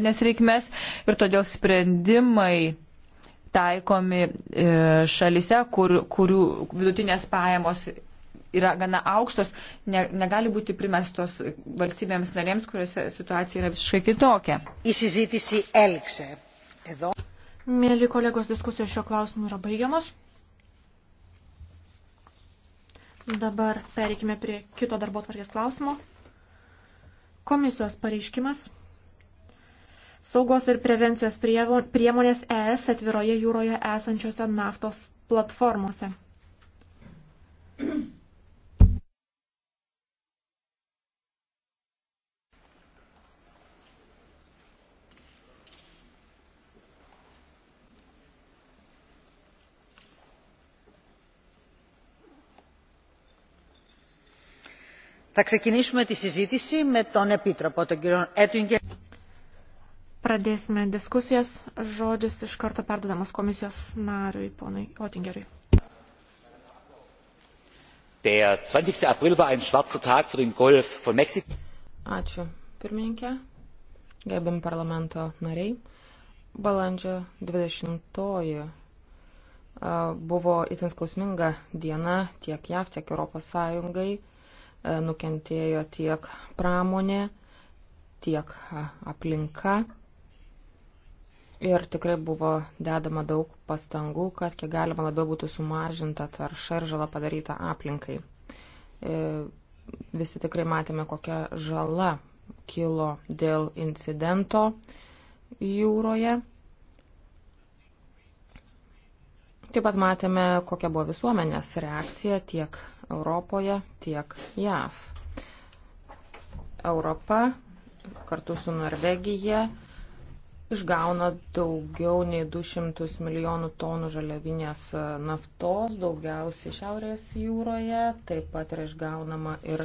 nes reikmes ir todėl sprendimai taikomi e, šalise, kur, kurių vidutinės pajamos yra gana aukštos, ne, negali būti primestos valstybėms narėms, kuriuose situacija yra visiškai kitokia. Įsizytysi Elkse. Mėly kolegos, diskusijos šio klausimu yra baigiamos. Dabar pereikime prie kito darbo tvarkės klausimo. Komisijos pareiškimas saugos ir prevencijos priemonės ES atviroje jūroje esančiose naftos platformose. Θα ξεκινήσουμε τη συζήτηση με τον Επίτροπο, τον κύριο Έτουγκερ. Pradėsime diskusijas. Žodis iš karto perdodamas komisijos nariui, ponui Otingeriui. Der 20. April war ein schwarzer Tag für den Golf von Mexiko. Ačiū, pirmininkė. Gerbim parlamento nariai. Balandžio 20 buvo itin skausminga diena tiek JAV, tiek ES, nukentėjo tiek pramonė, tiek aplinka. Ir tikrai buvo dedama daug pastangų, kad kiek galima labiau būtų sumažinta tarša ir žala padaryta aplinkai. E, visi tikrai matėme, kokia žala kilo dėl incidento jūroje. Taip pat matėme, kokia buvo visuomenės reakcija tiek Europoje, tiek JAV. Europa kartu su Norvegija išgauna daugiau nei 200 milijonų tonų žaliavinės e, naftos, daugiausiai Šiaurės jūroje, taip pat yra išgaunama ir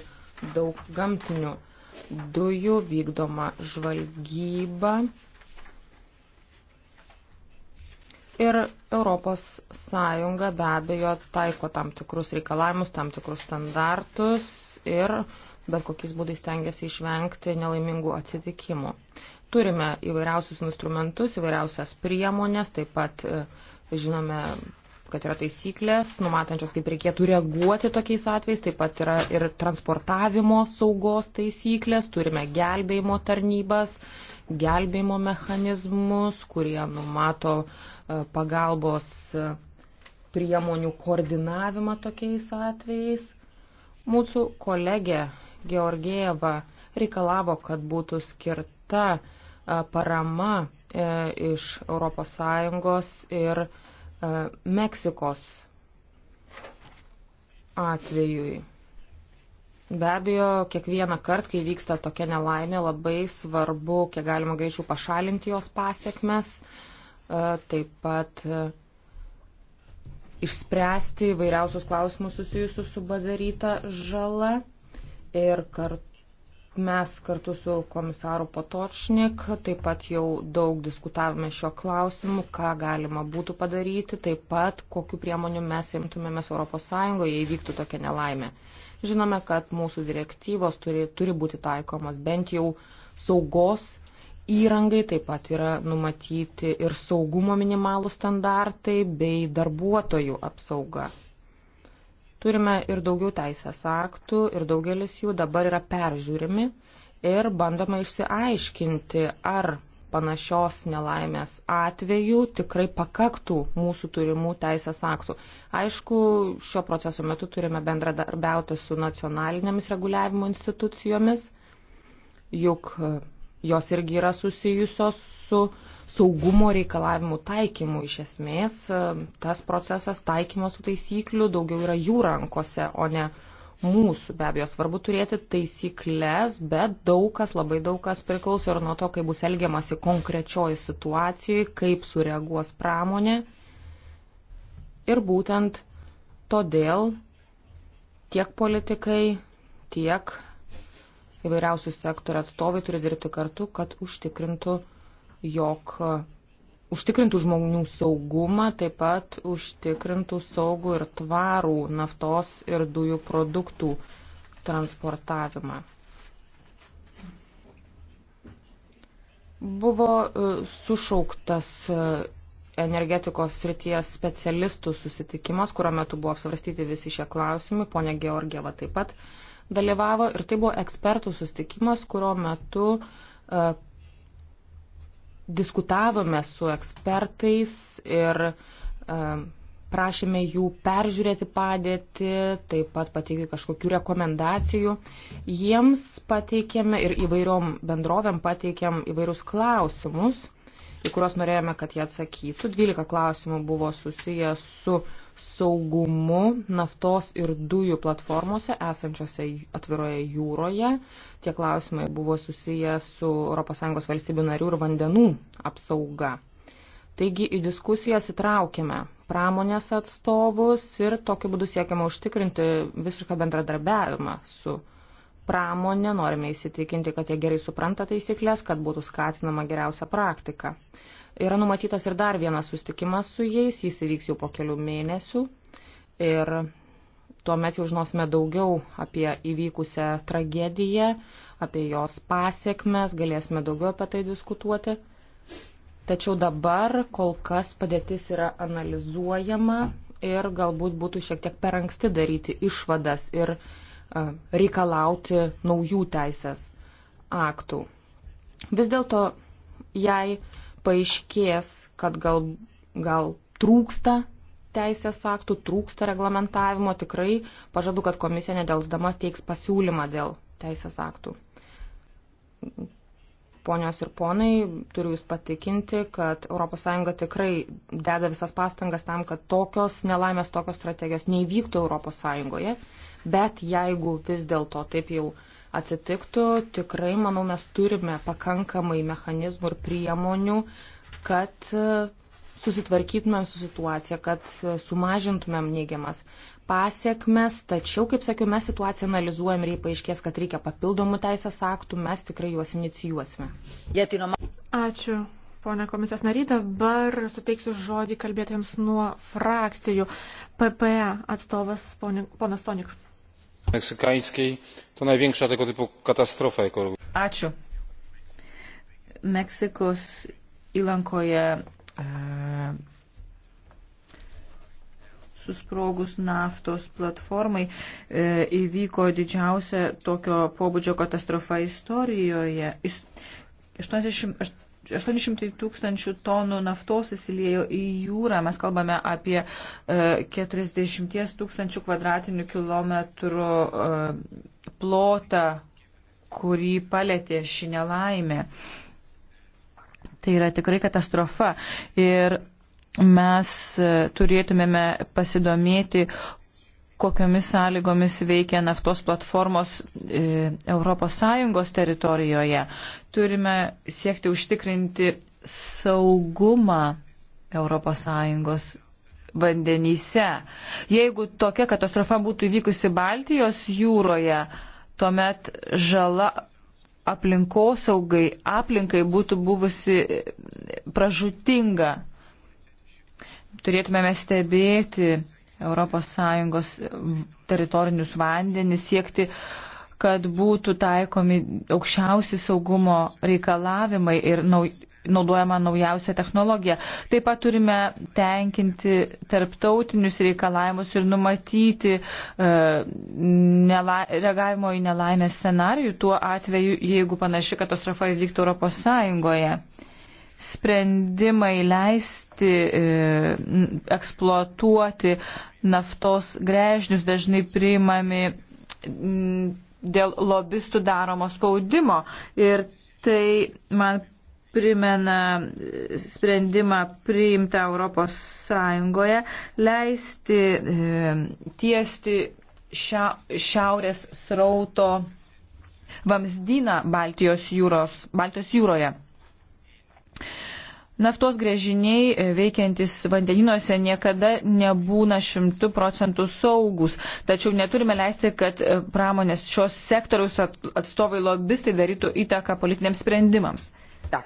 daug gamtinių dujų, vykdoma žvalgyba. Ir Europos Sąjunga be abejo taiko tam tikrus reikalavimus, tam tikrus standartus ir bet kokiais būdais tengiasi išvengti nelaimingų atsitikimų. Turime įvairiausius instrumentus, įvairiausias priemonės, taip pat e, žinome, kad yra taisyklės, numatančios, kaip reikėtų reaguoti tokiais atvejais, taip pat yra ir transportavimo saugos taisyklės, turime gelbėjimo tarnybas, gelbėjimo mechanizmus, kurie numato e, pagalbos e, priemonių koordinavimą tokiais atvejais. Mūsų kolegė Georgieva reikalavo, kad būtų skirta parama e, iš ES ir e, Meksikos atvejui. Be abejo, kiekvieną kartą, kai vyksta tokia nelaimė, labai svarbu, kiek galima greičiau pašalinti jos pasiekmes, e, taip pat išspręsti vairiausius klausimus susijusius su padaryta žala ir kartu Mes kartu su komisaru Potočnik taip pat jau daug diskutavome šio klausimu, ką galima būtų padaryti, taip pat kokiu priemoniu mes imtumėmės ES, jei vyktų tokia nelaimė. Žinome, kad mūsų direktyvos turi, turi būti taikomas bent jau saugos įrangai, taip pat yra numatyti ir saugumo minimalų standartai bei darbuotojų apsauga. Turime ir daugiau teisės aktų ir daugelis jų dabar yra peržiūrimi ir bandoma išsiaiškinti, ar panašios nelaimės atveju tikrai pakaktų mūsų turimų teisės aktų. Aišku, šio proceso metu turime bendradarbiauti su nacionalinėmis reguliavimo institucijomis, juk jos irgi yra susijusios su saugumo reikalavimų taikymų. Iš esmės, e, tas procesas taikymas tų taisyklių daugiau yra jų rankose, o ne mūsų. Be abejo, svarbu turėti taisyklės, bet daug kas, labai daug kas priklauso ir nuo to, kaip bus elgiamasi konkrečioj situacijai, kaip sureaguos pramonė. Ir būtent todėl tiek politikai, tiek įvairiausių sektorių atstovai turi dirbti kartu, kad užtikrintų jog e, užtikrintų žmonių saugumą, taip pat užtikrintų saugų ir tvarų naftos ir dujų produktų transportavimą. Buvo e, sušauktas e, energetikos srities specialistų susitikimas, kurio metu buvo apsvarstyti visi šie klausimai. Pone Georgieva taip pat dalyvavo ir tai buvo ekspertų susitikimas, kurio metu diskutavome su ekspertais ir prašėme jų peržiūrėti padėtį, taip pat pateikė kažkokių rekomendacijų. Jiems pateikėme ir įvairiom bendrovėm pateikėm įvairius klausimus, į kuriuos norėjome, kad jie atsakytų. 12 klausimų buvo susijęs su saugumu naftos ir dujų platformose esančiose atviroje jūroje. Tie klausimai buvo susiję su ES valstybių narių ir vandenų apsauga. Taigi į diskusijas įtraukime pramonės atstovus ir tokiu būdu siekiama užtikrinti visišką bendradarbiavimą su pramonė, norime įsitikinti, kad jie gerai supranta taisyklės, kad būtų skatinama geriausia praktika. Yra numatytas ir dar vienas sustikimas su jais, jis įvyks jau po kelių mėnesių ir tuomet jau žinosime daugiau apie įvykusią tragediją, apie jos pasiekmes, galėsime daugiau apie tai diskutuoti. Tačiau dabar kol kas padėtis yra analizuojama ir galbūt būtų šiek tiek per anksti daryti išvadas ir uh, reikalauti naujų teisės aktų. Vis dėlto, jei paaiškės, kad gal, gal trūksta teisės aktų, trūksta reglamentavimo, tikrai pažadu, kad komisija nedelsdama teiks pasiūlymą dėl teisės aktų. Ponios ir ponai, turiu Jūs patikinti, kad ES tikrai deda visas pastangas tam, kad tokios nelaimės, tokios strategijos neįvyktų ES, bet jeigu vis dėlto taip jau uh, atsitiktų, tikrai, manau, mes turime pakankamai mechanizmų ir priemonių, kad e, susitvarkytumėm su situacija, kad e, sumažintumėm neigiamas pasiekmes, tačiau, kaip sakiau, mes situaciją analizuojam ir jei paaiškės, kad reikia papildomų teisės aktų, mes tikrai juos inicijuosime. Ačiū. Pone komisijos nary, dabar suteiksiu žodį kalbėtojams nuo frakcijų. PPE atstovas ponas Tonik. Meksikańskiej to największa tego typu katastrofa ekologiczna. Ačiū. Meksikos įlankoje e, susprogus naftos platformai e, įvyko didžiausia tokio pobūdžio katastrofa istorijoje. Is, 80, 800 tūkstančių tonų naftos įsiliejo į jūrą. Mes kalbame apie 40 e, tūkstančių kvadratinių kilometrų e, plotą, kurį palėtė ši nelaimė. Tai yra tikrai katastrofa. Ir mes e, turėtumėme pasidomėti, kokiomis sąlygomis veikia naftos platformos ES teritorijoje. Turime siekti užtikrinti saugumą ES vandenyse. Jeigu tokia katastrofa būtų įvykusi Baltijos jūroje, tuomet žala aplinkosaugai, aplinkai būtų buvusi pražutinga. Turėtumėme stebėti ES teritorinius vandenis, siekti uh, kad būtų taikomi aukščiausi saugumo reikalavimai ir naudojama naujausia technologija. Taip pat turime tenkinti tarptautinius reikalavimus ir numatyti e, nela, reagavimo į nelaimę scenarijų tuo atveju, jeigu panaši katastrofa įvyktų Europos Sąjungoje sprendimai leisti e, eksploatuoti naftos grežnius dažnai priimami dėl lobistų daromo spaudimo. Ir tai man primena sprendimą priimtą Europos Sąjungoje leisti e, tiesti šia, šiaurės srauto vamzdyną Baltijos, jūros, Baltijos jūroje. Naftos grėžiniai e, veikiantis vandeninuose niekada nebūna šimtų procentų saugus, tačiau neturime leisti, kad e, pramonės šios sektoriaus atstovai lobistai darytų įtaką politiniams sprendimams. Da.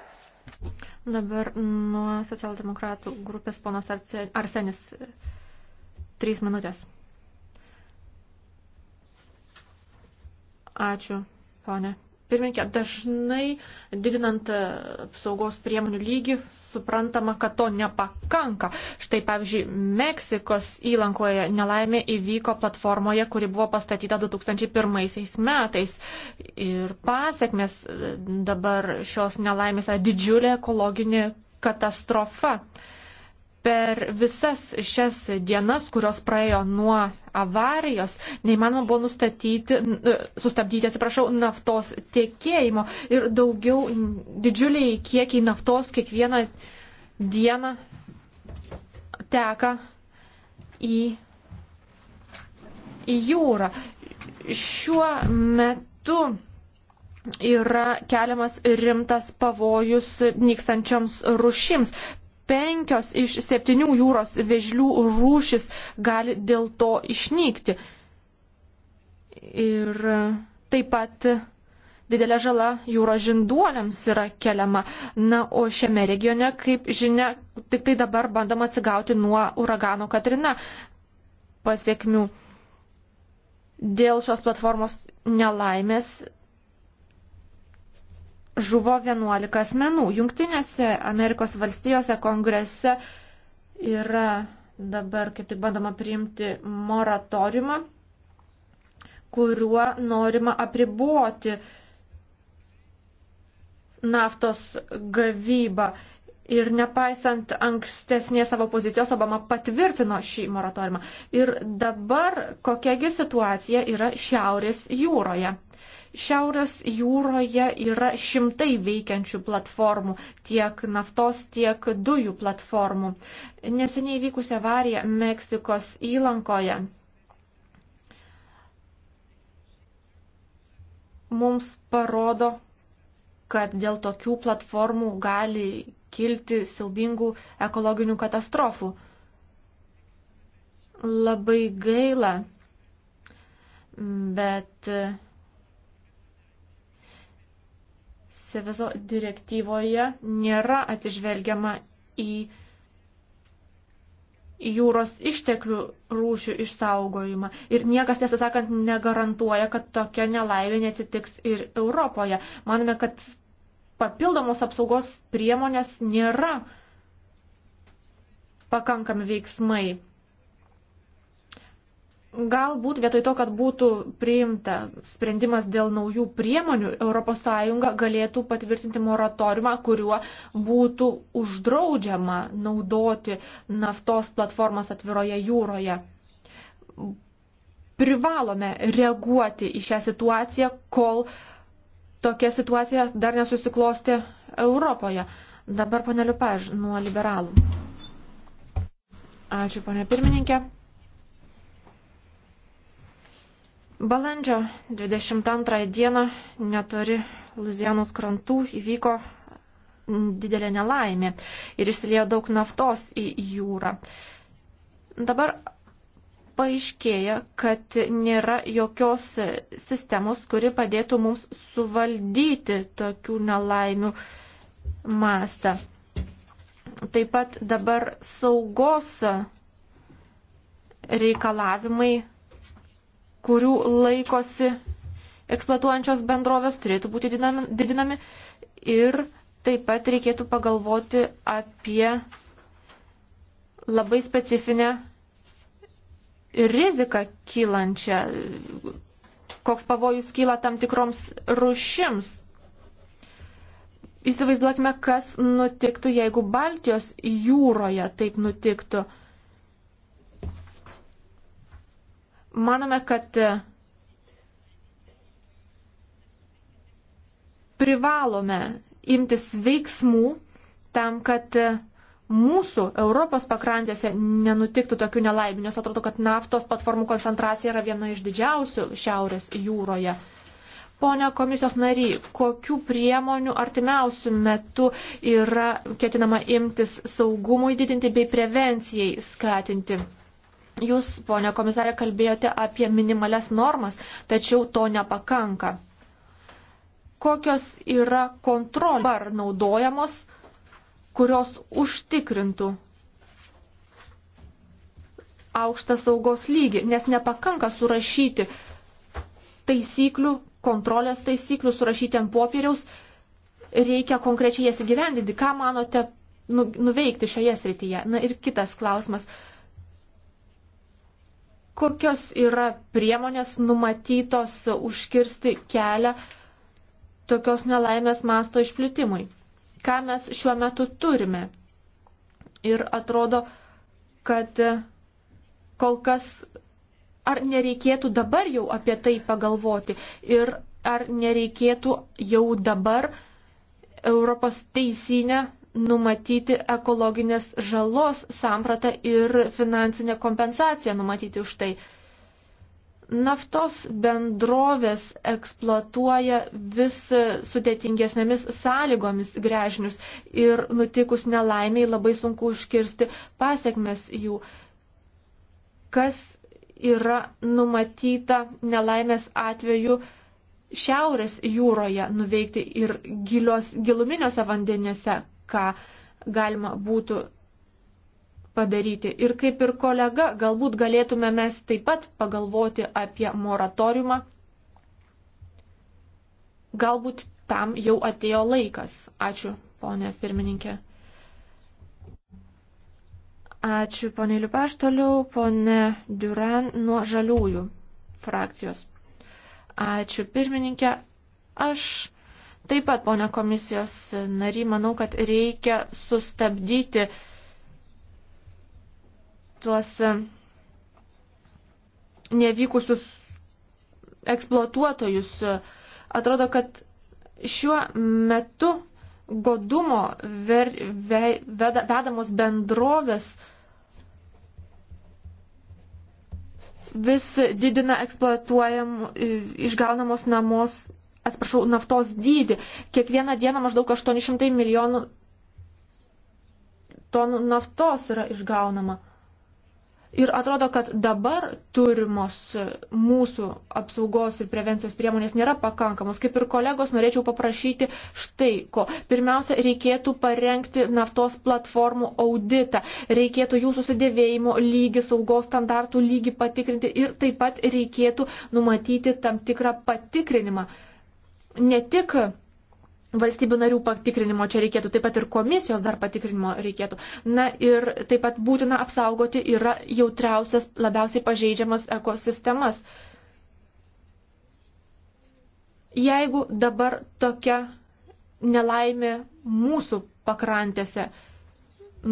Dabar nuo socialdemokratų grupės ponas Arsenis. Trys minutės. Ačiū, ponė Pirminkė, dažnai didinant e, apsaugos priemonių lygį suprantama, kad to nepakanka. Štai pavyzdžiui, Meksikos įlankoje nelaimė įvyko platformoje, kuri buvo pastatyta 2001 metais. Ir pasiekmes e, dabar šios nelaimės yra didžiulė ekologinė katastrofa per visas šias dienas, kurios praėjo nuo avarijos, neįmanoma buvo nustatyti, e, sustabdyti, atsiprašau, naftos tiekėjimo ir daugiau didžiuliai kiekiai naftos kiekvieną dieną teka į, į jūrą. Šiuo metu yra keliamas rimtas pavojus nykstančioms rušims penkios iš septynių jūros vežlių rūšis gali dėl to išnykti. Ir taip pat didelė žala jūros žinduoliams yra keliama. Na, o šiame regione, kaip žinia, tik tai dabar bandama atsigauti nuo uragano Katrina pasiekmių. Dėl šios platformos nelaimės žuvo 11 asmenų. Junktinėse Amerikos valstijose kongrese yra dabar kaip tik bandoma priimti moratoriumą, kuriuo norima apriboti naftos gavybą. Ir nepaisant ankstesnės savo pozicijos, Obama patvirtino šį moratoriumą. Ir dabar kokiagi situacija yra Šiaurės jūroje. Šiaurės jūroje yra šimtai veikiančių platformų, tiek naftos, tiek dujų platformų. Neseniai vykusi avarija Meksikos įlankoje mums parodo, kad dėl tokių platformų gali kilti silbingų ekologinių katastrofų. Labai gaila, bet Seveso direktyvoje nėra atsižvelgiama į jūros išteklių rūšių išsaugojimą. Ir niekas, tiesą sakant, negarantuoja, kad tokia nelaimė neatsitiks ir Europoje. Manome, kad papildomos apsaugos priemonės nėra pakankami veiksmai. Galbūt vietoj to, kad būtų priimta sprendimas dėl naujų priemonių, ES galėtų patvirtinti moratoriumą, kuriuo būtų uždraudžiama naudoti naftos platformas atviroje jūroje. Privalome reaguoti į šią situaciją, kol tokia situacija dar nesusiklosti Europoje. Dabar paneliu paž nuo liberalų. Ačiū, ponė pirmininkė. Balandžio 22 dieną neturi Luzienos krantų įvyko didelė nelaimė ir išsiliejo daug naftos į jūrą. Dabar paaiškėja, kad nėra jokios sistemos, kuri padėtų mums suvaldyti tokių nelaimių mastą. Taip pat dabar saugos reikalavimai kurių laikosi eksploatuojančios bendrovės, turėtų būti didinami ir taip pat reikėtų pagalvoti apie labai specifinę riziką kylančią, koks pavojus kyla tam tikroms rušims. Įsivaizduokime, kas nutiktų, jeigu Baltijos jūroje taip nutiktų. Manome, kad privalome imtis veiksmų tam, kad mūsų Europos pakrantėse nenutiktų tokių nelaimių, nes atrodo, kad naftos platformų koncentracija yra viena iš didžiausių Šiaurės jūroje. Pone komisijos nary, kokių priemonių artimiausių metų yra ketinama imtis saugumui didinti bei prevencijai skatinti? Jūs, ponė komisarė, kalbėjote apie minimales normas, tačiau to nepakanka. Kokios yra kontrolės naudojamos, kurios užtikrintų aukštą saugos lygį, nes nepakanka surašyti taisyklių, kontrolės taisyklių, surašyti ant popieriaus, reikia konkrečiai jas įgyvendinti. Ką manote nu, nuveikti šioje srityje? Na ir kitas klausimas kokios yra priemonės numatytos užkirsti kelią tokios nelaimės masto išplitimui. Ką mes šiuo metu turime? Ir atrodo, kad kol kas ar nereikėtų dabar jau apie tai pagalvoti ir ar nereikėtų jau dabar Europos teisinę numatyti ekologinės žalos sampratą ir finansinę kompensaciją numatyti už tai. Naftos bendrovės eksploatuoja vis sudėtingesnėmis sąlygomis grežinius ir nutikus nelaimiai labai sunku užkirsti pasiekmes jų. Kas yra numatyta nelaimės atveju šiaurės jūroje nuveikti ir gilios, giluminiuose vandenėse, ką galima būtų padaryti. Ir kaip ir kolega, galbūt galėtume mes taip pat pagalvoti apie moratoriumą. Galbūt tam jau atėjo laikas. Ačiū, ponė pirmininkė. Ačiū, ponė Liupaš, toliau ponė Duran nuo žaliųjų frakcijos. Ačiū, pirmininkė. Aš Taip pat, ponia komisijos nary, manau, kad reikia sustabdyti tuos um, nevykusius eksploatuotojus. Atrodo, kad šiuo metu godumo ver, ve, veda, vedamos bendrovės vis didina eksploatuojam išgaunamos namos atsiprašau, naftos dydį. Kiekvieną dieną maždaug 800 milijonų tonų naftos yra išgaunama. Ir atrodo, kad dabar turimos mūsų apsaugos ir prevencijos priemonės nėra pakankamos. Kaip ir kolegos, norėčiau paprašyti štai ko. Pirmiausia, reikėtų parengti naftos platformų auditą, reikėtų jų susidėvėjimo lygį, saugos standartų lygį patikrinti ir taip pat reikėtų numatyti tam tikrą patikrinimą ne tik valstybių narių patikrinimo čia reikėtų, taip pat ir komisijos dar patikrinimo reikėtų. Na ir taip pat būtina apsaugoti yra jautriausias, labiausiai pažeidžiamas ekosistemas. Jeigu dabar tokia nelaimė mūsų pakrantėse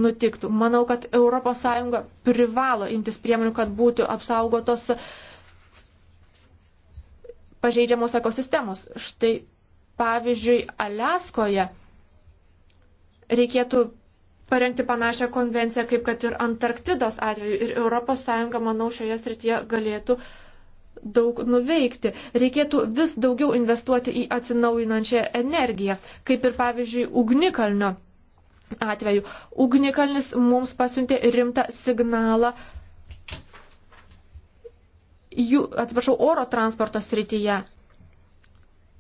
nutiktų, manau, kad ES privalo imtis priemonių, kad būtų apsaugotos uh, pažeidžiamos ekosistemos. Štai pavyzdžiui, Aleskoje reikėtų parengti panašią konvenciją, kaip kad ir Antarktidos atveju. Ir ES, manau, šioje srityje galėtų daug nuveikti. Reikėtų vis daugiau investuoti į atsinaujinančią energiją, kaip ir pavyzdžiui ugnikalnio atveju. Ugnikalnis mums pasiuntė rimtą signalą jų, atsiprašau, oro transporto srityje.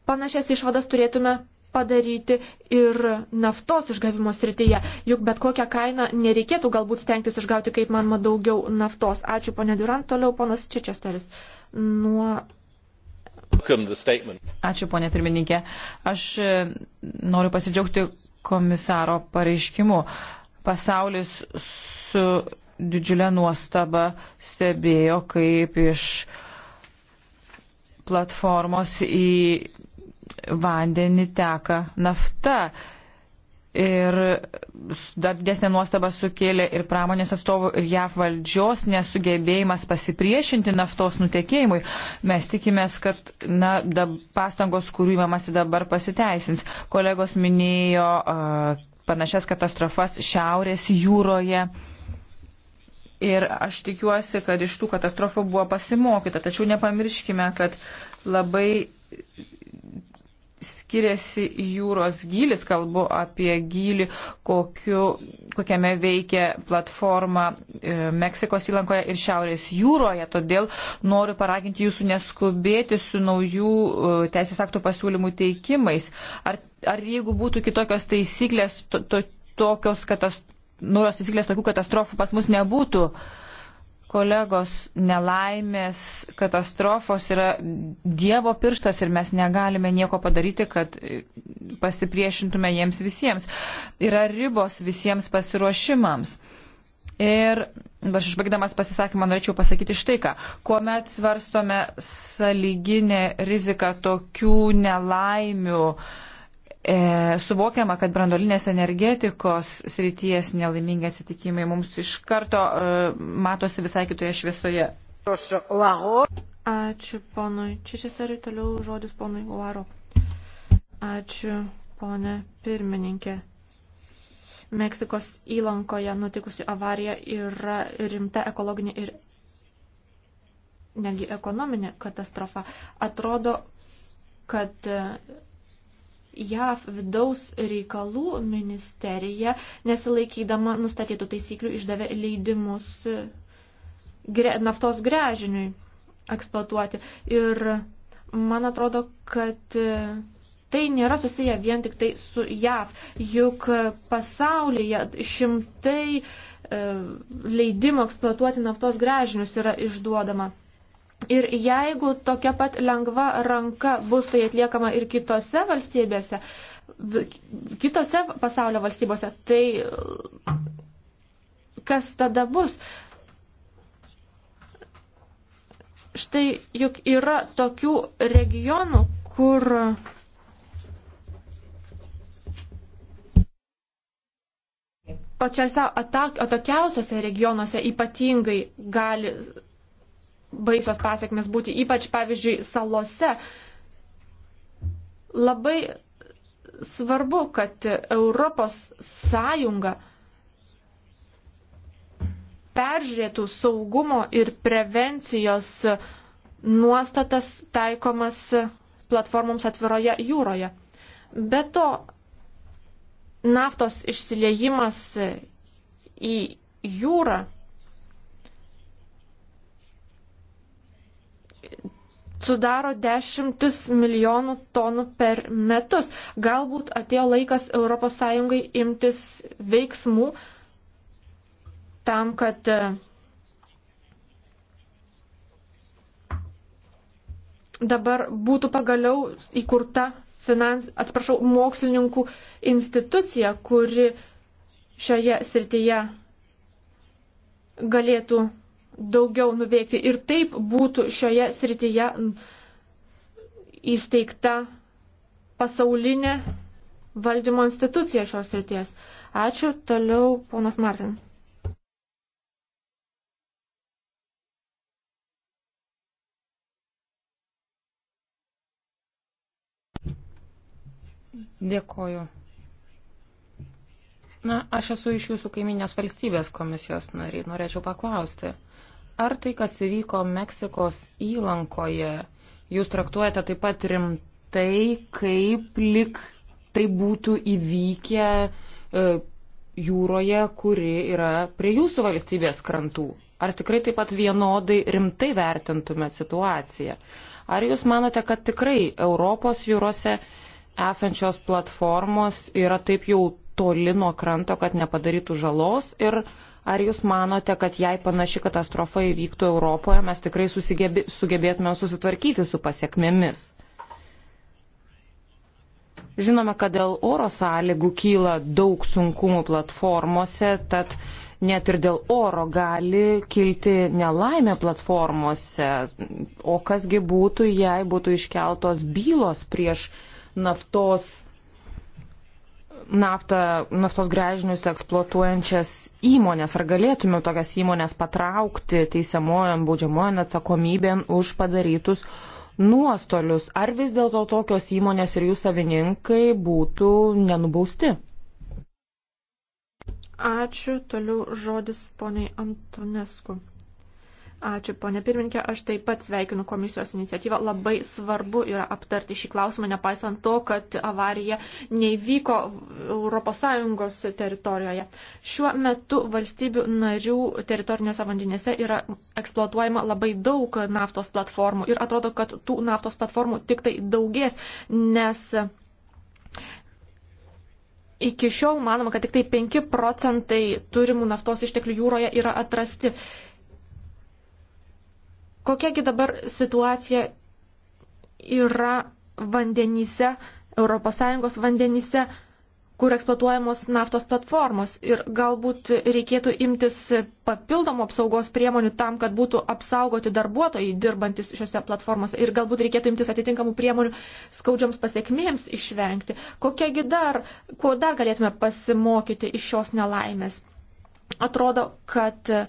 Panašias išvadas turėtume padaryti ir naftos išgavimo srityje, juk bet kokią kainą nereikėtų galbūt stengtis išgauti kaip manoma daugiau naftos. Ačiū, ponė Durant, toliau ponas Čičesteris. Nuo Ačiū, ponė pirmininkė. Aš e, noriu pasidžiaugti komisaro pareiškimu. Pasaulis su didžiulę nuostabą stebėjo, kaip iš platformos į vandenį teka nafta. Ir dar didesnė nuostaba sukėlė ir pramonės atstovų, ir JAV valdžios nesugebėjimas pasipriešinti naftos nutekėjimui. Mes tikimės, kad na, dab, pastangos, kurių įmamasi dabar pasiteisins. Kolegos minėjo uh, panašias katastrofas Šiaurės jūroje. Uh, Ir aš tikiuosi, kad iš tų katastrofų buvo pasimokyta. Tačiau nepamirškime, kad labai skiriasi jūros gylis, kalbu apie gylį, kokiu, kokiame veikia platforma e, Meksikos įlankoje ir Šiaurės jūroje. Todėl noriu paraginti jūsų neskubėti su naujų e, teisės aktų pasiūlymų teikimais. Ar, ar jeigu būtų kitokios taisyklės, to, to, tokios katastrofos naujos taisyklės tokių katastrofų pas mus nebūtų. Kolegos, nelaimės, katastrofos yra Dievo pirštas ir mes negalime nieko padaryti, kad pasipriešintume jiems visiems. Yra ribos visiems pasiruošimams. Ir aš išbaigdamas pasisakymą norėčiau pasakyti štai ką. Kuomet svarstome saliginę riziką tokių nelaimių, uh, e, suvokiama, kad brandolinės energetikos srities nelaimingi atsitikimai mums iš karto e, matosi visai kitoje šviesoje. Ačiū ponui Čičesariui, toliau žodis ponui Uaro. Ačiū ponė pirmininkė. Meksikos įlankoje nutikusi avarija yra rimta ekologinė ir netgi ekonominė katastrofa. Atrodo, kad JAV vidaus reikalų ministerija, nesilaikydama nustatytų taisyklių, išdavė leidimus e, gre, naftos grežiniui eksploatuoti. Ir man atrodo, kad e, tai nėra susiję vien tik tai su JAV, juk pasaulyje šimtai e, leidimų eksploatuoti naftos grežinius yra išduodama. Ir jeigu tokia pat lengva ranka bus tai atliekama ir kitose valstybėse, kitose pasaulio valstybėse, tai kas tada bus? Štai juk yra tokių regionų, kur pačiose atokiausiose regionuose ypatingai gali baisios pasiekmes būti, ypač pavyzdžiui salose. Labai svarbu, kad Europos Sąjunga peržiūrėtų saugumo ir prevencijos nuostatas taikomas platformoms atviroje jūroje. Be to, naftos išsiliejimas į jūrą sudaro dešimtis milijonų tonų per metus. Galbūt atėjo laikas ES imtis veiksmų tam, kad e, dabar būtų pagaliau įkurta finans, atsiprašau, mokslininkų institucija, kuri šioje srityje galėtų daugiau nuveikti. Ir taip būtų šioje srityje įsteigta pasaulinė valdymo institucija šios srities. Ačiū. Toliau ponas Martin. Dėkoju. Na, aš esu iš jūsų kaiminės valstybės komisijos nariai. Norėčiau paklausti. Ar tai, kas įvyko Meksikos įlankoje, jūs traktuojate taip pat rimtai, kaip lik tai būtų įvykę e, jūroje, kuri yra prie jūsų valstybės krantų? Ar tikrai taip pat vienodai rimtai vertintumėt situaciją? Ar jūs manote, kad tikrai Europos jūrose esančios platformos yra taip jau toli nuo kranto, kad nepadarytų žalos ir Ar jūs manote, kad jei panaši katastrofa įvyktų Europoje, mes tikrai sugebėtume susitvarkyti su pasiekmėmis? Žinome, kad dėl oro sąlygų kyla daug sunkumų platformose, tad net ir dėl oro gali kilti nelaimė platformose. O kasgi būtų, jei būtų iškeltos bylos prieš naftos naftą, naftos grežinius eksploatuojančias įmonės, ar galėtume tokias įmonės patraukti teisiamojant, baudžiamojant atsakomybėn už padarytus nuostolius, ar vis dėlto tokios įmonės ir jų savininkai būtų nenubausti? Ačiū, toliau žodis poniai Antonesku. Ačiū, ponė pirmininkė. Aš taip pat sveikinu komisijos iniciatyvą. Labai svarbu yra aptarti šį klausimą, nepaisant to, kad avarija neįvyko ES teritorijoje. Šiuo metu valstybių narių teritorinėse vandinėse yra eksploatuojama labai daug naftos platformų ir atrodo, kad tų naftos platformų tik tai daugės, nes iki šiol manoma, kad tik tai 5 procentai turimų naftos išteklių jūroje yra atrasti. Kokiagi dabar situacija yra vandenyse, ES vandenyse, kur eksploatuojamos naftos platformos ir galbūt reikėtų imtis papildomų apsaugos priemonių tam, kad būtų apsaugoti darbuotojai dirbantis šiuose platformose ir galbūt reikėtų imtis atitinkamų priemonių skaudžiams pasiekmėms išvengti. Kokiagi dar, kuo dar galėtume pasimokyti iš šios nelaimės? Atrodo, kad uh,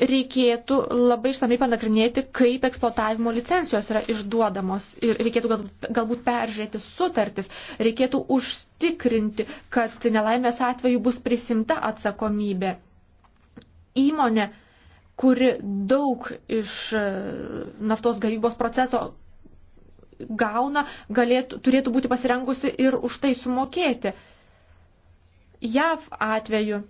reikėtų labai išsamei panagrinėti, kaip eksploatavimo licencijos yra išduodamos ir reikėtų galbūt peržiūrėti sutartis, reikėtų užtikrinti, kad nelaimės atveju bus prisimta atsakomybė. Įmonė, kuri daug iš e, naftos gavybos proceso gauna, galėtų, turėtų būti pasirengusi ir už tai sumokėti. JAV atveju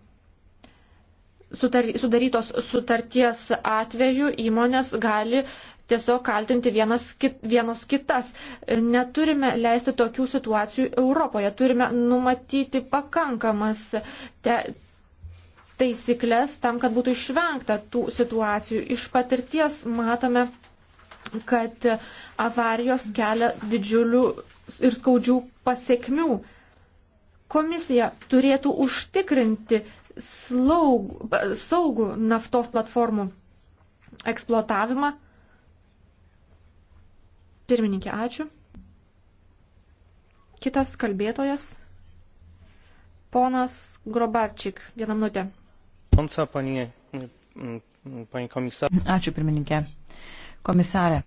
sudarytos sutarties atveju įmonės gali tiesiog kaltinti vienas, kit, vienos kitas. Neturime leisti tokių situacijų Europoje. Turime numatyti pakankamas te, taisyklės tam, kad būtų išvengta tų situacijų. Iš patirties matome, kad avarijos kelia didžiulių ir skaudžių pasiekmių. Komisija turėtų užtikrinti slaug, saugų naftos platformų eksploatavimą. Pirmininkė, ačiū. Kitas kalbėtojas. Ponas Grobarčik, vieną minutę. Ačiū, pirmininkė. Komisarė.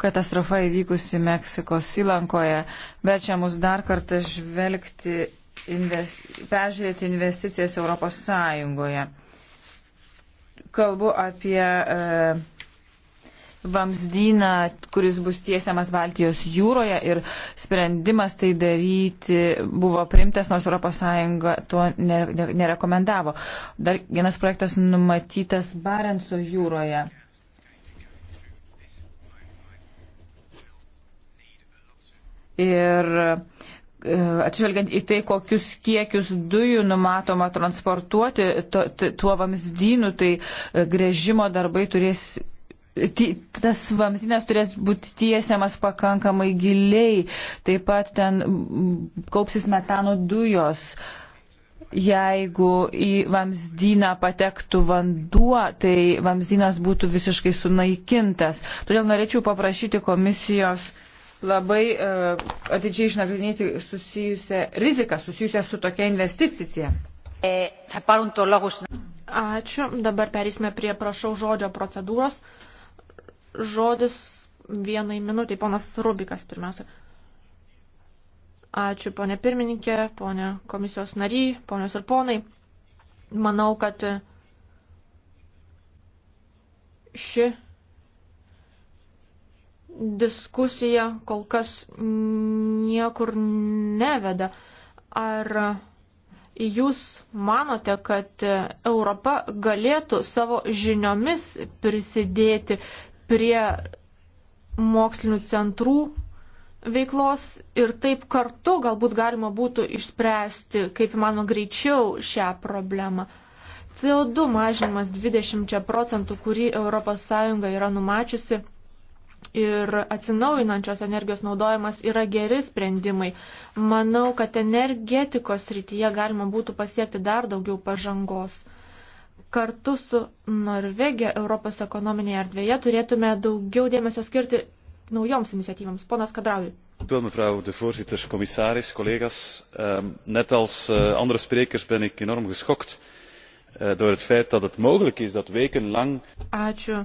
Katastrofa įvykusi Meksikos įlankoje verčia mus dar kartą žvelgti, invest, peržiūrėti investicijas Europos Sąjungoje. Kalbu apie e, vamzdyną, kuris bus tiesiamas Baltijos jūroje ir sprendimas tai daryti buvo primtas, nors ES to nerekomendavo. Dar vienas projektas numatytas Barenso jūroje. ir e, atšvelgiant į tai, kokius kiekius dujų numatoma transportuoti to, tuo vamzdynu, tai e, grėžimo darbai turės. Tas vamzdynas turės būti tiesiamas pakankamai giliai, taip pat ten kaupsis metano dujos. Jeigu į vamzdyną patektų vanduo, tai vamzdynas būtų visiškai sunaikintas. Todėl norėčiau paprašyti komisijos uh, labai uh, atidžiai išnagrinėti susijusią riziką, susijusią su tokia investicija. E, Ačiū. Dabar perėsime prie prašau žodžio procedūros. Žodis vienai minutiai. Ponas Rubikas pirmiausia. Ačiū, ponė pirmininkė, ponė komisijos nariai, ponios ir ponai. Manau, kad ši diskusija kol kas niekur neveda. Ar jūs manote, kad Europa galėtų savo žiniomis prisidėti prie mokslinių centrų veiklos ir taip kartu galbūt galima būtų išspręsti, kaip įmanoma, greičiau šią problemą? CO2 mažinimas 20 procentų, kurį ES yra numačiusi ir atsinaujinančios energijos naudojimas yra geri sprendimai. Manau, kad energetikos rytyje galima būtų pasiekti dar daugiau pažangos. Kartu su Norvegija Europos ekonominėje erdvėje turėtume daugiau dėmesio skirti naujoms iniciatyvams. Ponas Kadraujui. Mevrouw de voorzitter, commissaris, collega's. Ehm, net als eh, andere sprekers ben ik enorm geschokt eh, door het feit dat het mogelijk is dat wekenlang. Ačiū,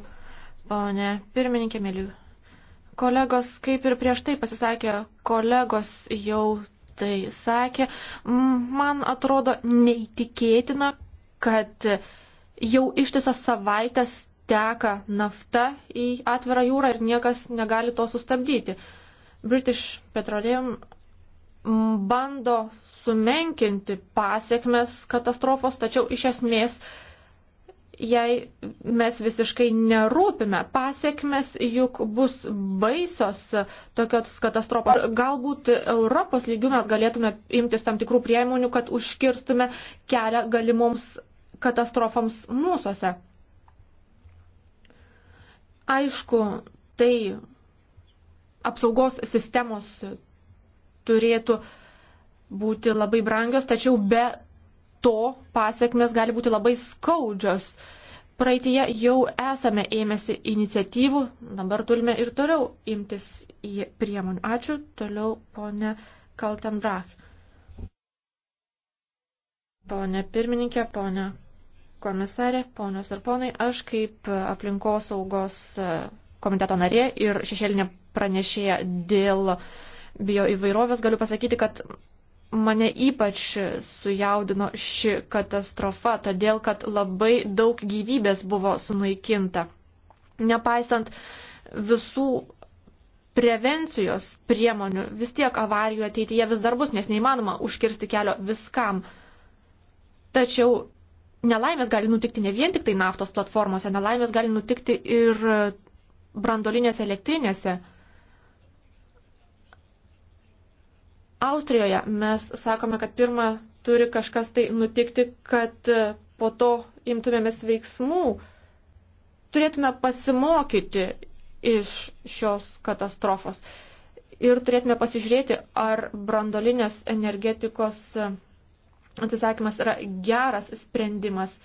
ponė pirmininkė, mėly Kolegos, kaip ir prieš tai pasisakė, kolegos jau tai sakė, man atrodo neįtikėtina, kad jau ištisas savaitės teka nafta į atvirą jūrą ir niekas negali to sustabdyti. British Petroleum bando sumenkinti pasiekmes katastrofos, tačiau iš esmės uh, jei mes visiškai nerūpime. Pasiekmes juk bus baisios tokios katastrofos. Galbūt Europos lygių mes galėtume imtis tam tikrų priemonių, kad užkirstume kelią galimoms katastrofoms mūsųse. Aišku, tai apsaugos sistemos turėtų būti labai brangios, tačiau be to pasiekmes gali būti labai skaudžios. Praeitie jau esame ėmėsi iniciatyvų, dabar turime ir toliau imtis į priemonių. Ačiū, toliau ponė Kaltenbrach. Pone pirmininkė, ponė komisarė, ponios ir ponai, aš kaip aplinkosaugos e, komiteto narė ir šešėlinė pranešėja dėl bio įvairovės galiu pasakyti, kad mane ypač sujaudino ši katastrofa, todėl kad labai daug gyvybės buvo sunaikinta. Nepaisant visų prevencijos priemonių, vis tiek avarijų ateityje vis dar bus, nes neįmanoma užkirsti kelio viskam. Tačiau nelaimės gali nutikti ne vien tik tai naftos platformose, nelaimės gali nutikti ir brandolinėse elektrinėse. Austrijoje mes sakome, kad pirmą turi kažkas tai nutikti, kad e, po to imtumėmės veiksmų. Turėtume pasimokyti iš šios katastrofos ir turėtume pasižiūrėti, ar brandolinės energetikos e, atsisakymas yra geras sprendimas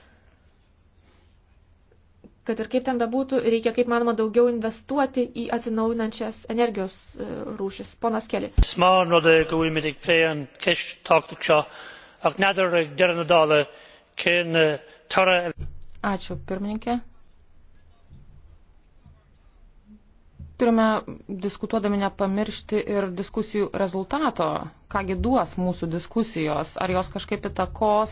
kad ir kaip ten bebūtų, reikia kaip manoma daugiau investuoti į atsinaujinančias energijos e, rūšis. Ponas Keli. E, Ačiū, pirmininkė. Turime diskutuodami nepamiršti ir diskusijų rezultato, kągi duos mūsų diskusijos, ar jos kažkaip įtakos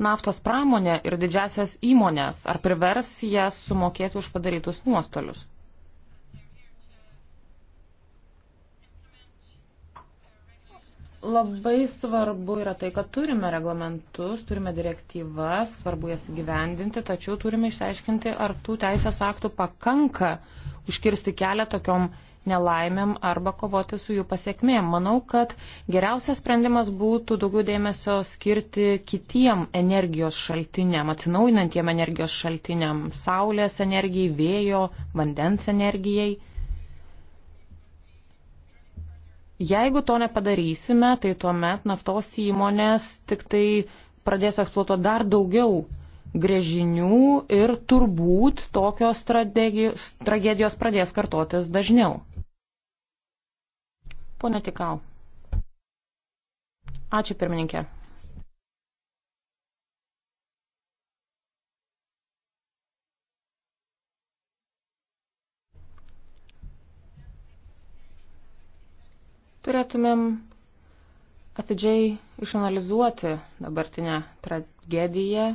naftos pramonę ir didžiasias įmonės, ar privers jas sumokėti už padarytus nuostolius? Labai svarbu yra tai, kad turime reglamentus, turime direktyvas, svarbu jas įgyvendinti, tačiau turime išsiaiškinti, ar tų teisės aktų pakanka užkirsti kelią tokiom nelaimėm arba kovoti su jų pasiekmėm. Manau, kad geriausias sprendimas būtų daugiau dėmesio skirti kitiem energijos šaltiniam, atsinaujinantiem energijos šaltiniam - saulės energijai, vėjo, vandens energijai. Jeigu to nepadarysime, tai tuomet naftos įmonės tik tai pradės eksploatuoti dar daugiau grėžinių ir turbūt tokios tragedijos pradės kartotis dažniau. Pone Tikau. Ačiū pirmininkė. Turėtumėm atidžiai išanalizuoti dabartinę tragediją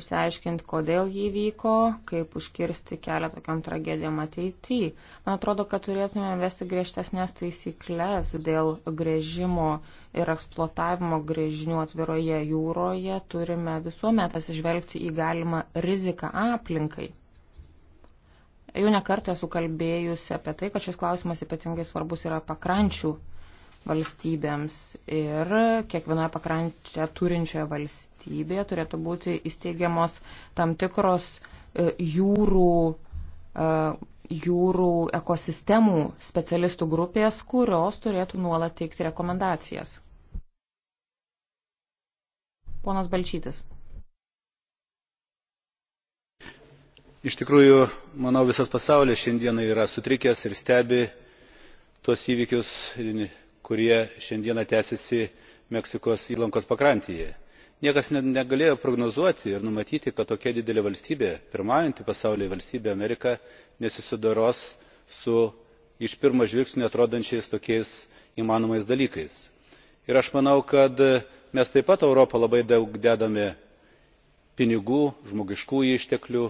išsiaiškinti, kodėl jį vyko, kaip užkirsti kelią tokiam tragedijam ateityje. Man atrodo, kad turėtume vesti griežtesnės taisyklės dėl grėžimo ir eksploatavimo grėžinių atviroje jūroje. Turime visuomet atsižvelgti į galimą riziką aplinkai. Jau nekartą esu kalbėjusi apie tai, kad šis klausimas ypatingai svarbus yra pakrančių valstybėms ir kiekvienoje pakrančia turinčioje valstybėje turėtų būti įsteigiamos tam tikros e, jūrų, e, jūrų ekosistemų specialistų grupės, kurios turėtų nuolat teikti rekomendacijas. Ponas Balčytis. Iš tikrųjų, manau, visas pasaulis šiandieną yra sutrikęs ir stebi tuos įvykius kurie šiandieną tęsiasi meksikos įlankos pakrantėje. niekas negalėjo prognozuoti ir numatyti kad tokia didelė valstybė pirmaujanti pasaulyje valstybė amerika nesusidoros su iš pirmo žvilgsnio atrodančiais tokiais įmanomais dalykais. ir aš manau kad mes taip pat europa labai daug dedame pinigų žmogiškųjų išteklių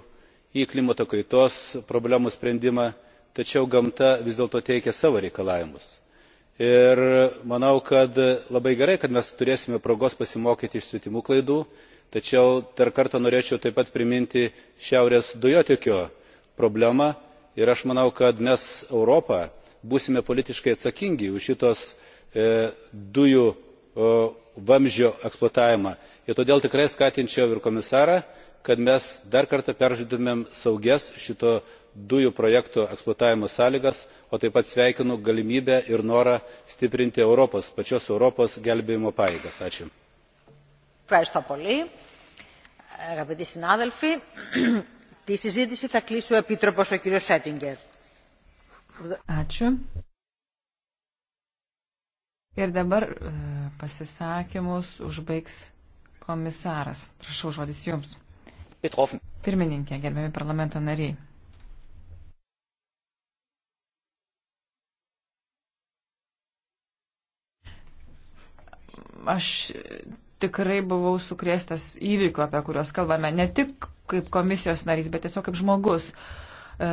į klimato kaitos problemų sprendimą tačiau gamta vis dėlto teikia savo reikalavimus ir manau kad labai gerai kad mes turėsime progos pasimokyti iš svetimų klaidų tačiau dar kartą norėčiau taip pat priminti šiaurės dujotiekio problemą ir aš manau kad mes europa būsime politiškai atsakingi už šito e, dujų vamzdžio eksploatavimą ir todėl tikrai skatinčiau ir komisarą kad mes dar kartą peržiūrėtumėm saugias šito dujų projektų eksploatavimo sąlygas o taip pat sveikinu galimybę ir norą stiprinti europos pačios europos gelbėjimo pajėgas. ačiū. Ir dabar e, pasisakymus užbaigs komisaras. Prašau žodis jums. Betroffen. Pirmininkė, gerbiami parlamento nariai. aš tikrai buvau sukrėstas įvykiu, apie kuriuos kalbame, ne tik kaip komisijos narys, bet tiesiog kaip žmogus. E,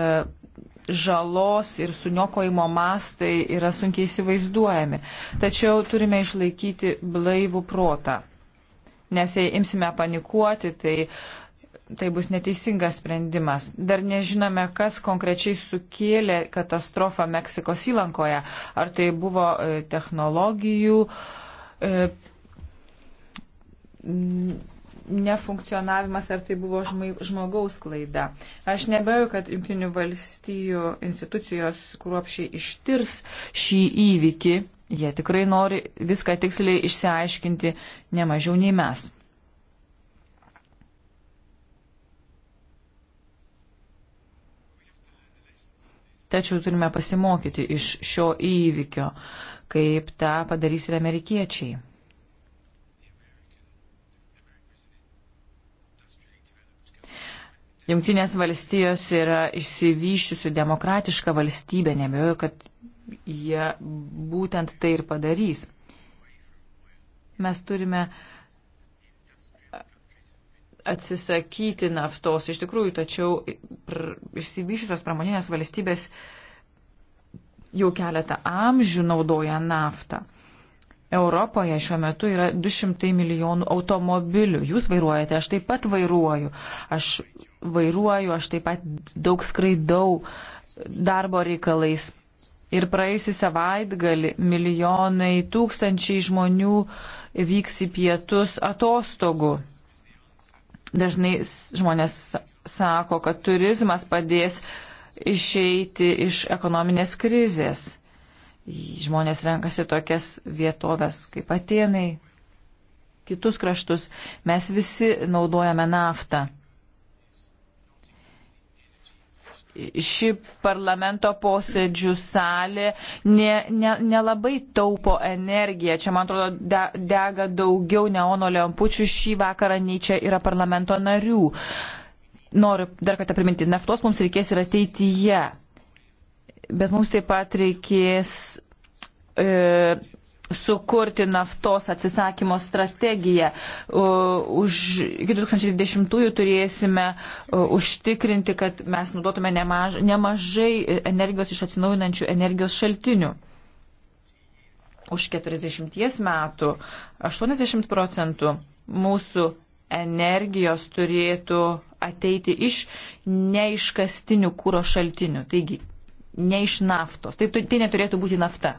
žalos ir suniokojimo mastai yra sunkiai įsivaizduojami. Tačiau turime išlaikyti blaivų protą. Nes jei imsime panikuoti, tai tai bus neteisingas sprendimas. Dar nežinome, kas konkrečiai sukėlė katastrofą Meksikos įlankoje. Ar tai buvo e, technologijų, uh, E, nefunkcionavimas, ar tai buvo žmogaus klaida. Aš nebejoju, kad Junktinių valstijų institucijos kruopšiai ištirs šį įvykį. Jie tikrai nori viską tiksliai išsiaiškinti, ne mažiau nei mes. Tačiau turime pasimokyti iš šio įvykio, kaip tą padarys ir amerikiečiai. Junktinės valstijos yra išsivyščiusi demokratiška valstybė, nebejoju, kad jie būtent tai ir padarys. Mes turime uh, atsisakyti naftos. Iš tikrųjų, tačiau išsivyšusios pramoninės valstybės jau keletą amžių naudoja naftą. Europoje šiuo metu yra 200 milijonų automobilių. Jūs vairuojate, aš taip pat vairuoju. Aš vairuoju, aš taip pat daug skraidau darbo reikalais. Ir praėjusį savaitgalį milijonai tūkstančiai žmonių vyks į pietus atostogų. Dažnai žmonės sako, kad turizmas padės išeiti iš ekonominės krizės. Žmonės renkasi tokias vietovės kaip Atenai, kitus kraštus. Mes visi naudojame naftą. ši parlamento posėdžių salė nelabai ne, ne taupo energiją. Čia, man atrodo, de, dega daugiau neono lempučių šį vakarą, nei čia yra parlamento narių. Noriu dar kartą priminti, naftos mums reikės ir ateityje, bet mums taip pat reikės e, sukurti naftos atsisakymo strategiją. Už 2020-ųjų turėsime užtikrinti, kad mes naudotume nemaž, nemažai energijos iš atsinaujinančių energijos šaltinių. Už 40 metų 80 procentų mūsų energijos turėtų ateiti iš neiškastinių kūro šaltinių, taigi ne iš naftos. Tai, tai neturėtų būti nafta.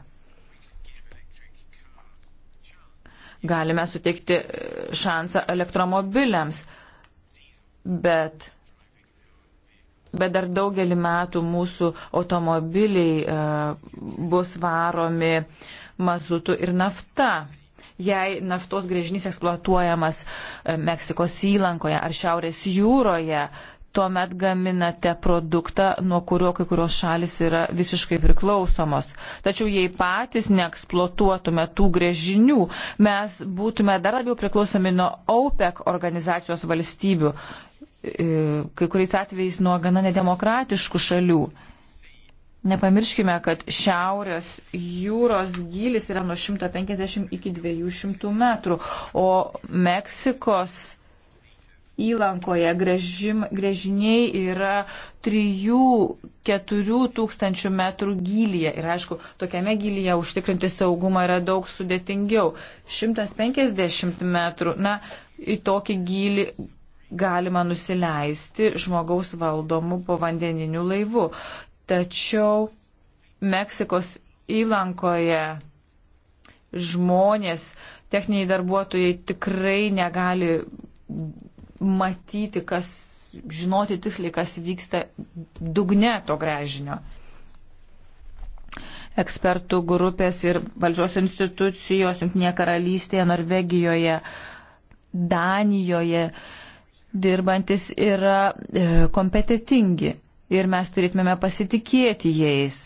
Galime suteikti e, šansą elektromobiliams, bet, bet dar daugelį metų mūsų automobiliai e, bus varomi mazutu ir nafta jei naftos grėžinys eksploatuojamas e, Meksikos įlankoje ar Šiaurės jūroje, tuomet gaminate produktą, nuo kurio kai kurios šalis yra visiškai priklausomos. Tačiau jei patys neeksploatuotume tų grėžinių, mes būtume dar labiau priklausomi nuo OPEC organizacijos valstybių, e, kai kuriais atvejais nuo gana nedemokratiškų šalių. Nepamirškime, kad šiaurės jūros gylis yra nuo 150 iki 200 metrų, o Meksikos įlankoje grėžim, grėžiniai yra 3-4 tūkstančių metrų gylyje. Ir aišku, tokiame gylyje užtikrinti saugumą yra daug sudėtingiau. 150 metrų, na, į tokį gylį galima nusileisti žmogaus valdomų povandeninių laivų. Tačiau Meksikos įlankoje žmonės, techniniai darbuotojai tikrai negali matyti, kas, žinoti tiksliai, kas vyksta dugne to grežinio. Ekspertų grupės ir valdžios institucijos Junktinėje karalystėje, Norvegijoje, Danijoje dirbantis yra e, kompetitingi ir mes turėtume pasitikėti jais.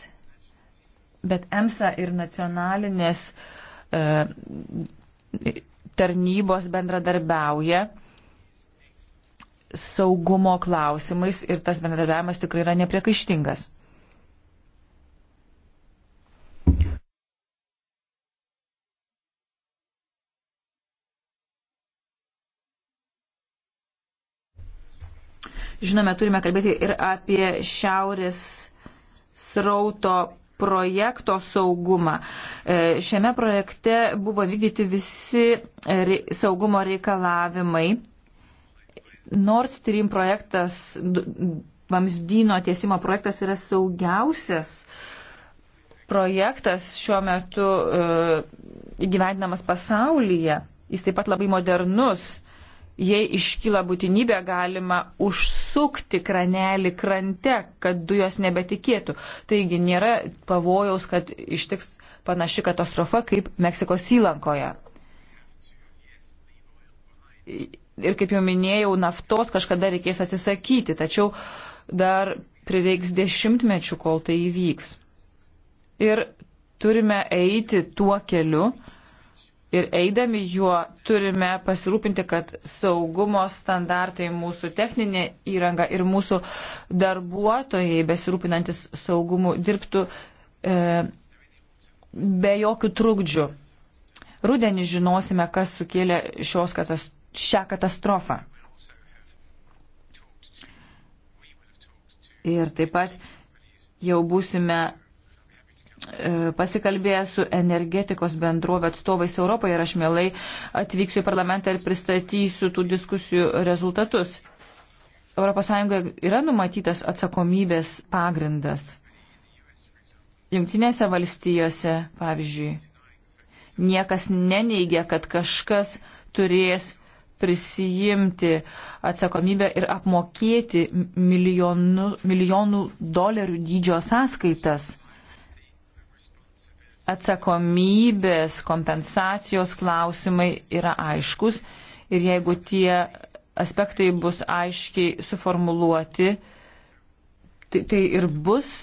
Bet EMSA ir nacionalinės e, tarnybos bendradarbiauja saugumo klausimais ir tas bendradarbiavimas tikrai yra nepriekaištingas. Žinome, turime kalbėti ir apie šiaurės srauto projekto saugumą. E, šiame projekte buvo vykdyti visi saugumo reikalavimai Nord Stream projektas, vamzdyno tiesimo projektas yra saugiausias projektas šiuo metu e, įgyvendinamas pasaulyje. Jis taip pat labai modernus. Jei iškyla būtinybė, galima užsukti kranelį krante, kad dujos nebetikėtų. Taigi nėra pavojaus, kad ištiks panaši katastrofa kaip Meksikos įlankoje ir kaip jau minėjau, naftos kažkada reikės atsisakyti, tačiau dar prireiks dešimtmečių, kol tai įvyks. Ir turime eiti tuo keliu ir eidami juo turime pasirūpinti, kad saugumo standartai mūsų techninė įranga ir mūsų darbuotojai besirūpinantis saugumu dirbtų e, be jokių trukdžių. Rudenį žinosime, kas sukėlė šios katastrof, šią katastrofą. Ir taip pat jau būsime e, pasikalbėję su energetikos bendrovė atstovais Europoje ir aš mielai atvyksiu į parlamentą ir pristatysiu tų diskusijų rezultatus. ES yra numatytas atsakomybės pagrindas. Junktinėse valstijose, pavyzdžiui, niekas neneigia, kad kažkas turės prisijimti atsakomybę ir apmokėti milijonų, milijonų dolerių dydžio sąskaitas. Atsakomybės, kompensacijos klausimai yra aiškus ir jeigu tie aspektai bus aiškiai suformuluoti, tai, tai ir bus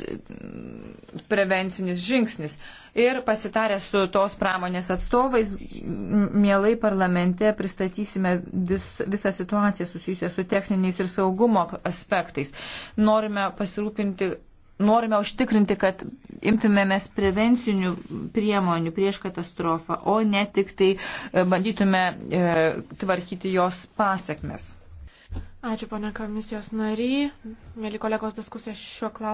prevencinis žingsnis ir pasitarę su tos pramonės atstovais, mielai parlamente pristatysime vis, visą situaciją susijusią su techniniais ir saugumo aspektais. Norime pasirūpinti. Norime užtikrinti, kad imtumėmės prevencinių priemonių prieš katastrofą, o ne tik tai e, bandytume e, tvarkyti jos pasiekmes. Ačiū, pane komisijos nariai. Mėly kolegos, diskusija šiuo klausimu.